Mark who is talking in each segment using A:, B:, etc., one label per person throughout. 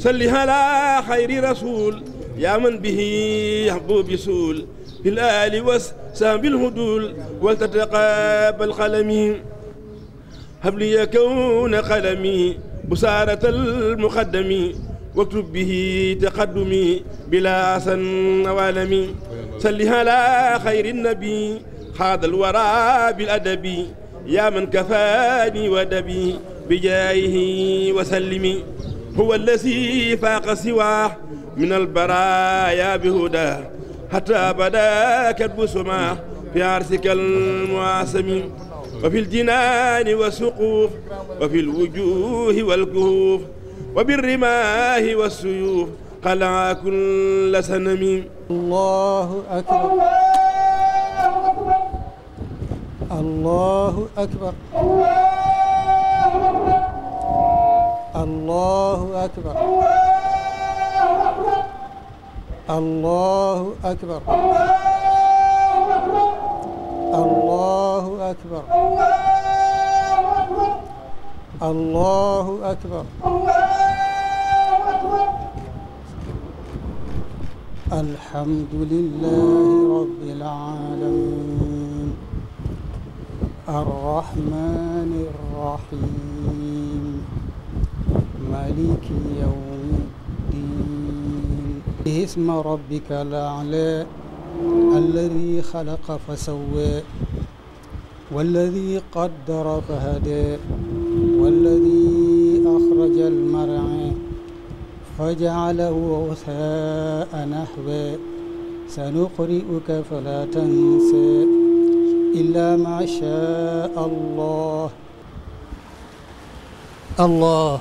A: صل على خير رسول يا من به يحبوب يسول بالآل وسام بالهدول ولتتقابل قلمي هب لي كون قلمي بسارة المقدم واكتب به تقدمي بلا سن والمي صل على خير النبي هذا الورى بالأدب يا من كفاني ودبي بجاهه وسلمي هو الذي فاق سواه من البرايا بهدى حتى بدا كتب سماه في عرسك المعاصم وفي الجنان والسقوف وفي الوجوه والكهوف وبالرماه والسيوف قلع كل سنم الله أكبر الله أكبر الله أكبر
B: الله أكبر الله أكبر الله أكبر الله أكبر الله الله أكبر أكبر الحمد لله رب العالمين الرحمن الرحيم مالك يوم الدين اسم ربك الأعلى الذي خلق فسوى والذي قدر فهدى والذي أخرج المرعى فجعله غثاء نحوى سنقرئك فلا تنسى إلا ما شاء الله الله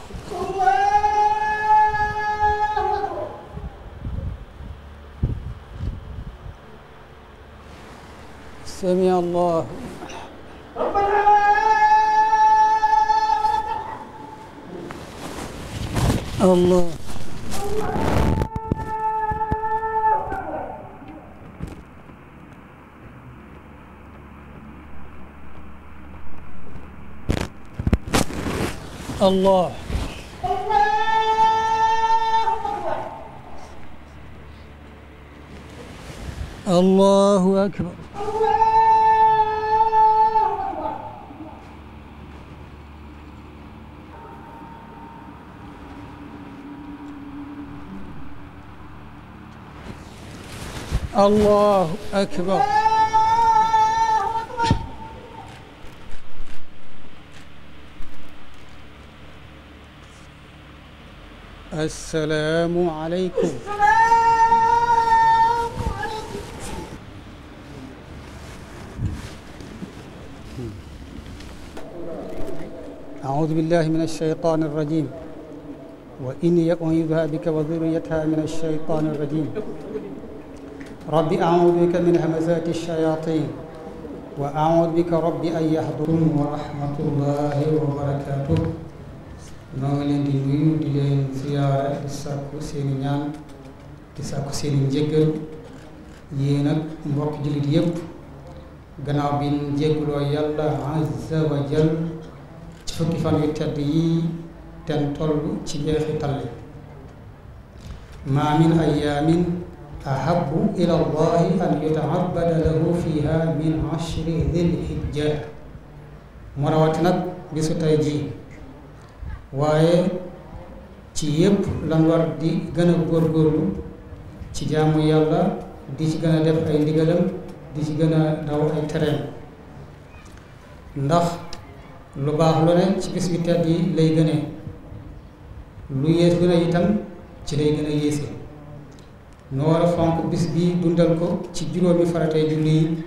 B: سمع الله الله الله الله أكبر الله أكبر السلام عليكم أعوذ بالله من الشيطان الرجيم وإن يكن بك وذريتها من الشيطان الرجيم ربي أعوذ بك من همزات الشياطين وأعوذ بك ربي أن يحضرون ورحمة الله وبركاته نولين دي نوي زيارة الساكو سيني الساكو تساكو سيني جيجل ينك مبوك جلد يب غنا بين جيجل ويالا عز وجل تفكي فانو تدي تنطلو تجيخي تلي ما من أيامين ahabu ila allahi an yutaabada lahu fiha min ashri dhil hijja mu rawati nag bisu tey jii waaye ci yépp lan war di gën a góorgóorlu ci jaamu yàlla di ci gën a def ay ndigalam di ci gën a daw ay tereem ndax lu baax lu ne ci bis bi tedd yi lay gënee lu yées lu itam ci lay gën a yéese nga fonk bis bi dundal ko ci juróomi faratee julli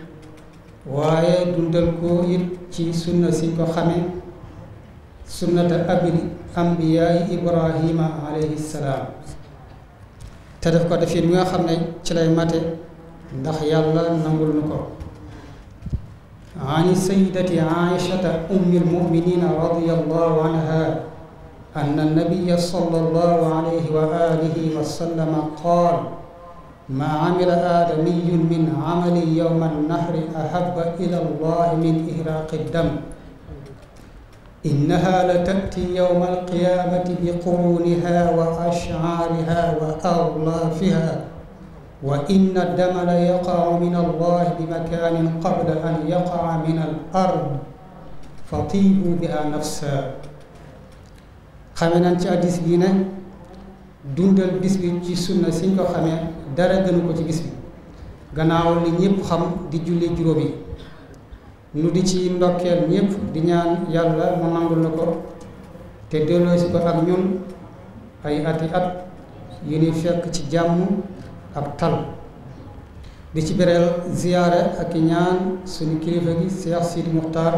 B: waaye dundal ko it ci sunna si ko xame sunnata abil ambiyaay ibrahima alayhi te def ko def it mi nga xam ne ci lay mate ndax yàlla nangul nu ko ani sayidati aishata ummi almuminina radiallahu anha anna nabiya sallallahu alayhi wa alihi wa sallama qaal ما عمل آدمي من عمل يوم النحر أحب إلى الله من إهراق الدم إنها لتأتي يوم القيامة بقرونها وأشعارها وأغلافها وإن الدم ليقع من الله بمكان قبل أن يقع من الأرض فطيبوا بها نفسا خمنا حديث بينا dundal bis bi ci sunna siñ ko xamé dara gënu ko ci bis bi gannaaw li ñepp xam di julli juróom yi nu di ci ndokkel ñepp di ñaan yalla mo nangul nako té délo ci ko ak ñun ay ati at yu ni fekk ci jamm ak tal di ci bereel ziyara ak ñaan suñu kilifa gi Cheikh Sidi Muxtaar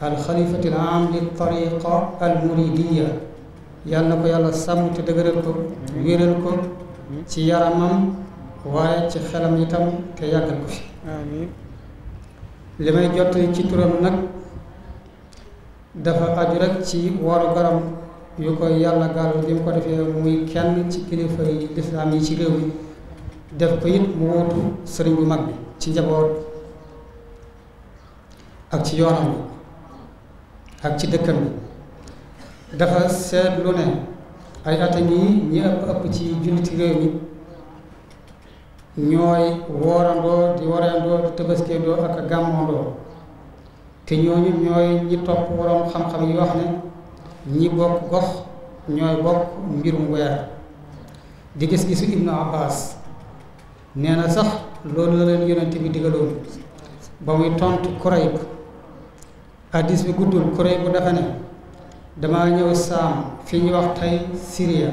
B: al xalifatil am li tariqa al muridiyya yàlla na ko yàlla sàmm te dëgëral ko wéral ko ci yaramam waaye ci xelam itam te yàggal ko fi li may jot ci turam nag dafa aju rek ci waru garam yu ko yàlla gàll bi mu ko defee muy kenn ci kilifa yi lislaam yi ci réew mi def ko it mu wóotu sëriñ mag bi ci njaboot ak ci yoonam bi ak ci dëkkam bi dafa seetlu ne ay at a ñi ëpp ëpp ci julliti réew mi ñooy woorandoo di wareendoo di tëbaskeendoo ak gàmmoondoo te ñooñu ñooy ñi topp waroom xam-xam yi wax ne ñi bokk gox ñooy bokk mbirum weer di gis-gisu Ibnu Abbas nee na sax loolu la leen yonent bi digaloon ba muy tontu Kurayb hadiis bi guddul Kurayb dafa ne dama ñëw saam fi ñu wax tey Syria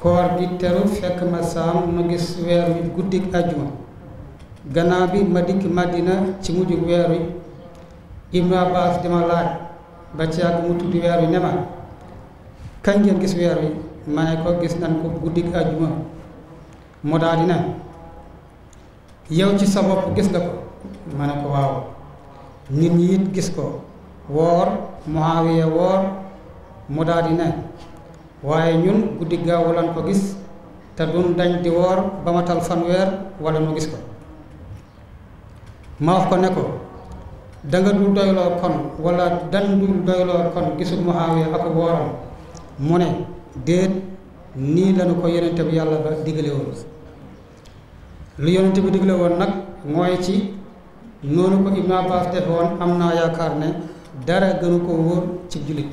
B: koor bi teru fekk ma saam ma gis weer wi guddik ajjuma gannaaw bi ma dikk Madina ci mujjug weer wi Ibnu Abbas dama laaj ba ci yàgg mu tudd weer wi ne ma kañ ngeen gis weer wi ma ne ko gis nan ko guddik ajjuma mu daal di yow ci sa bopp gis nga ko ma ne ko waaw nit ñi it gis ko woor Muawiya woor mu daldi di ne waaye ñun guddi gaawu lan ko gis te duñ dañ di woor ba matal fanweer wala mu gis ko mawax ko ne ko danga dul doyloo kon wala dan dul doyloo kon gisul Muawiya ak wooram mu ne déet nii lañu ko yonente bu yàlla ba digle woon lu yonente bi digle woon nag mooy ci noonu ko Ibn Abbas defoon am naa yaakaar ne dara gënu ko wóor ci jullit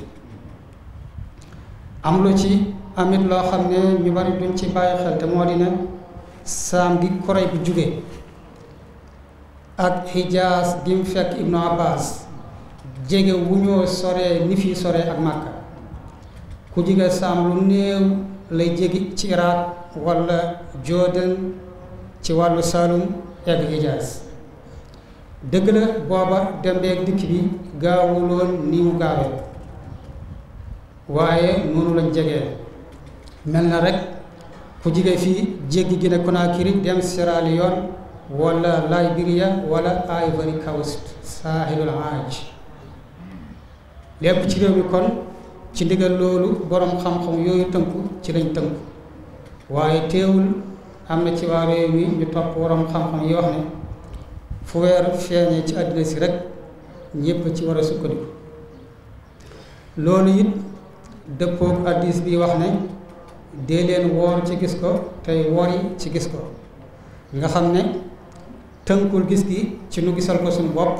B: am lu ci amit loo xam ne ñu bari duñ ci bàyyi xel te moo di ne saam gi koray bu jugee ak xijaas gi mu fekk ibnu abbas jege wu ñoo soree ni fii soree ak màkka ku jige saam lu néew lay jegi ci iraq wala jordan ci wàllu saalum egg xijaas dëgg la booba dem beeg dikk bi gaawuloon ni mu gaawee waaye noonu lañ jege mel na rekk ku jige fii jéggi Guinée Conakry dem Sierra Leone wala Liberia wala Ivory Coast saaxilul aaj lépp ci réew kon ci ndigal loolu boroom xam-xam yooyu tënku ci lañ tënku waaye teewul am na ci waa réew mi ñu topp boroom xam-xam yoo xam weer feeñee ci àddina si rek ñëpp ci war a sukkandiku loolu it dëppoog addis bi wax ne dee leen woor ci gis ko tey yi ci gis ko nga xam ne tënkul gis gi ci nu gisal ko suñu bopp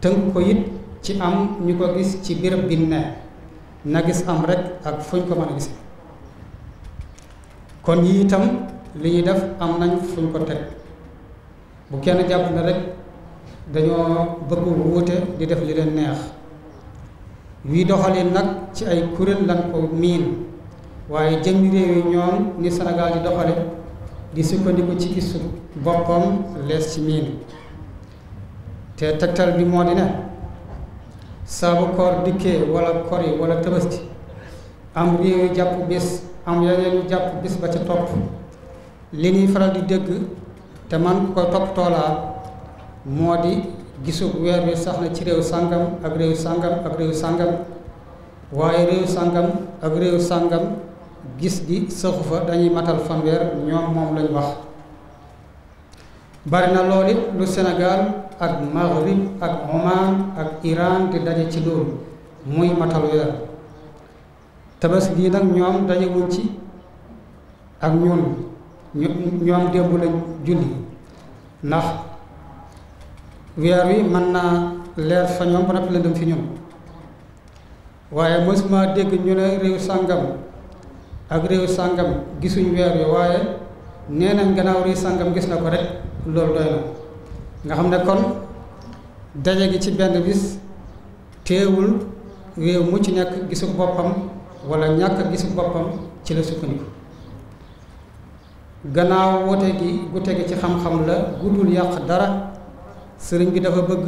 B: tënk ko it ci am ñu ko gis ci béréb bi ne na gis am rek ak fuñ ko mën a gis kon yi itam li ñuy def am nañ fuñ ko teg bu kenn jàpp na rekk dañoo bëgg wuute di def li leen neex wii doxalin nag ci ay kuréel lan ko miin waaye jëmmi réew yi ñoom ni Sénégal di doxale di sukkandiku ci gisu boppam lees ci miin te tegtal bi moo di ne saabu koor dikkee wala kori wala tëbësti am réew yu jàpp bis am yeneen jàpp bis ba ca topp li ñuy faral di dégg te man ko top tola modi di wer wer saxna na ci rew sangam ak rew sangam ak rew sangam way rew sangam ak rew sangam gis di dañuy matal wer ñom mom lañ wax bari na lu senegal ak Maghrib ak Oman ak Iran di daje ci lool muy matal wer tabas gi nak ñom daje wuñ ci ak ñun ñu ñoom démb lañ julli ndax weer wi mën naa leer fa ñoom ba noppi la fi ñun waaye mosuma dégg ñu ne réew sàngam ak réew sàngam gisuñu weer wi waaye nee nañ gannaaw réew sàngam gis na ko rek loolu doy nga xam ne kon daje gi ci benn bis teewul réew mu ci nekk gisu boppam wala ñàkk gisu boppam ci la sukkandiku gannaaw wote gi gute tege ci xam-xam la gudul yàq dara sëriñ bi dafa bëgg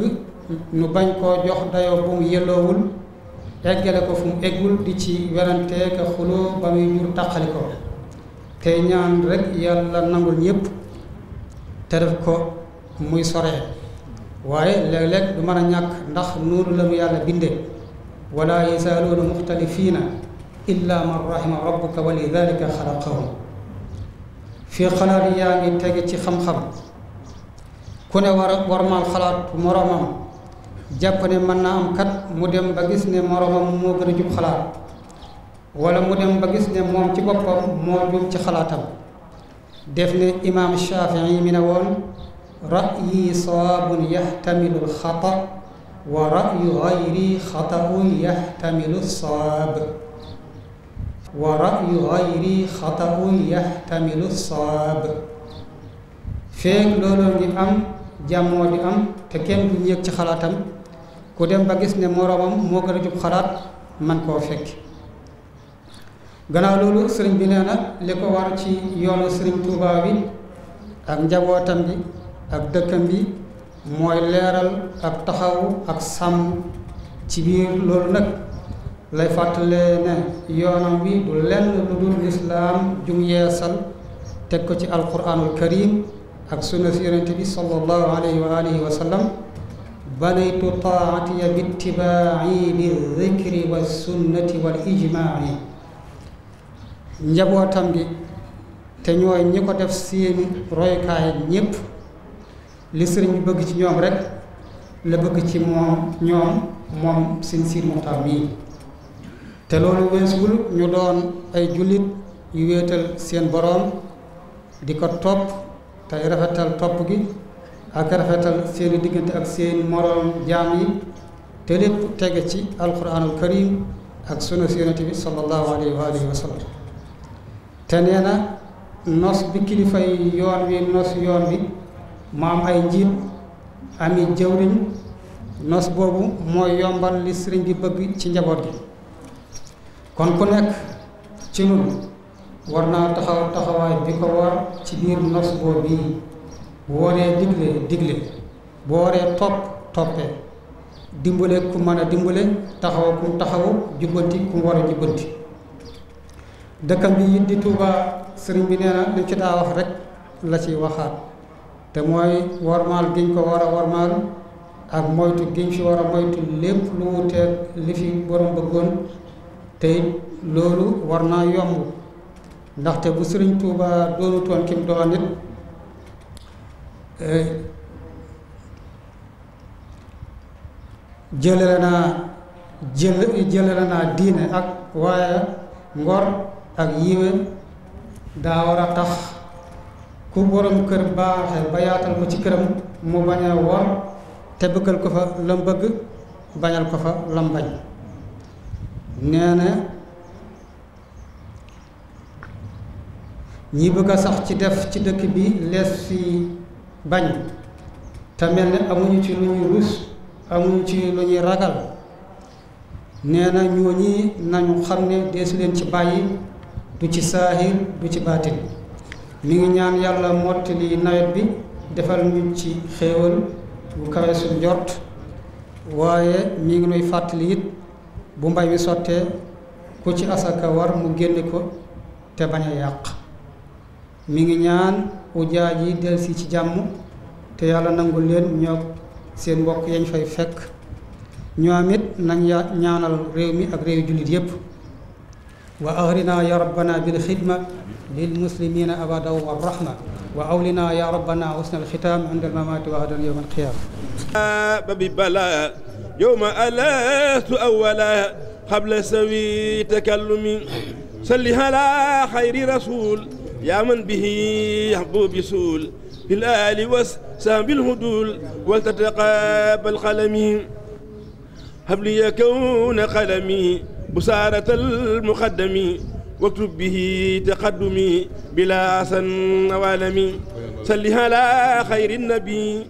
B: nu bañ ko jox dayoo bu mu yelloowul eggale ko fu mu eggul di ci werantee ka xuloo ba muy jur taqali ko tey ñaan rek yàlla nangul ñépp te def ko muy soree waaye léeg-léeg du mën a ñàkk ndax noonu la mu yàlla binde wala yazaaluuna muxtalifiina illa man rahima rabbuka wa li dalika xalaqahum في خلاريا من تجتي خم خم كنا ور ورما الخلاط مرما جبنا منا أم كت مدم بجسنا مرما مو برجب خلاط ولا مدم بجسنا مو تبقى مو جب تخلاطم دفن إمام الشافعي من أول رأي صواب يحتمل الخطأ ورأي غيري خطأ يحتمل الصواب wa ra'yu gayri xata'un yaxtamilu sawaab feek looloo ngi am jàmmoo di am te kenn du yëg ci xalaatam ku dem ba gis ne moroomam moo gën a xalaat man koo fekk gannaaw loolu sëriñ bi nee na li ko war ci yoonu sëriñ Tuubaa bi ak njabootam bi ak dëkkam bi mooy leeral ak taxawu ak sàmm ci biir loolu nag lay fàttale ne yoonam wi du lenn lu dul lislaam jum yeesal teg ko ci alquranul karim ak sunna si yonente bi sallallahu alayhi wa alihi wa sallam banaytu taatiya bittibaai lildikri wa sunnati wal ijmaai njabootam gi te ñooy ñi ko def seeni roykaay ñépp li sëriñ bi bëgg ci ñoom rekk la bëgg ci moom ñoom moom seen siir muxtaar mii te loolu weesul ñu doon ay jullit yu wéetal seen boroom di ko topp tey rafetal topp gi ak rafetal seeni diggante ak seeni moroom jaam yi te lépp tege ci alquranul karim ak sunu yonent bi sallallahu alayhi wa sallam te nee na nos bi kilifa yi yoon wi nos yoon bi maam ay njiit ami jëwriñ nos boobu mooy yombal li sëriñ bi bëgg ci njaboot gi kon ku nekk ci nun war naa taxaw taxawaay bi ko war ci biir nos boo bii bu waree digle digle bu waree topp toppee dimbale ku mën a dimbale taxaw ku taxawu jubbanti ku war a jubbanti dëkkam bi it di Tuuba sëriñ bi nee na ci daa wax rek la ci waxaat te mooy warmaal giñ ko war a warmaal ak moytu giñ fi war a moytu lépp lu wuteeg li fi borom bëggoon te loolu war naa yomb ndaxte bu sëriñ tuuba doonu toon kim doon it eh, jëlale naa jël jëlale naa diine ak waaye ngor ak yiwe daa war a tax ku borom kër baaxe ba yaatal ko ci këram mu bañ a wor te bëggal ko fa lam bëgg bañal ko fa lam nee ñi bëgg a sax ci def ci dëkk bi lees fi bañ te mel ne amuñu ci lu ñuy rus amuñu ci lu ñuy ragal nee na ñooñi nañu xam ne deesu leen ci bàyyi du ci saahir du ci baatin mi ngi ñaan yàlla mottali nawet bi defal ñu ci xéewal bu kawe suñ jort waaye mi ngi nuy fàttali it bu mbay mi sottee ku ci asaka war mu génne ko te bañ a yàq mi ngi ñaan ujaaj yi delsi ci jàmm te yàlla nangul leen ñoo seen mbokk yañ fay fekk ñoom it nañ ñaanal réew mi ak réew jullit yépp wa aghrina ya rabbana bil xidma lil muslimina abada wa rahma wa awlina ya rabbana husna al xitam inda al mamati wa hadal yawm al qiyam
A: babi bala يوم ألست أولا قبل سوي تكلمي صل على خير رسول يا من به يحبو بسول بالآل وسام بالهدول ولتتقابل قلمي هب لي كون قلمي بسارة المقدم واكتب به تقدمي بلا سن وعلمي صل على خير النبي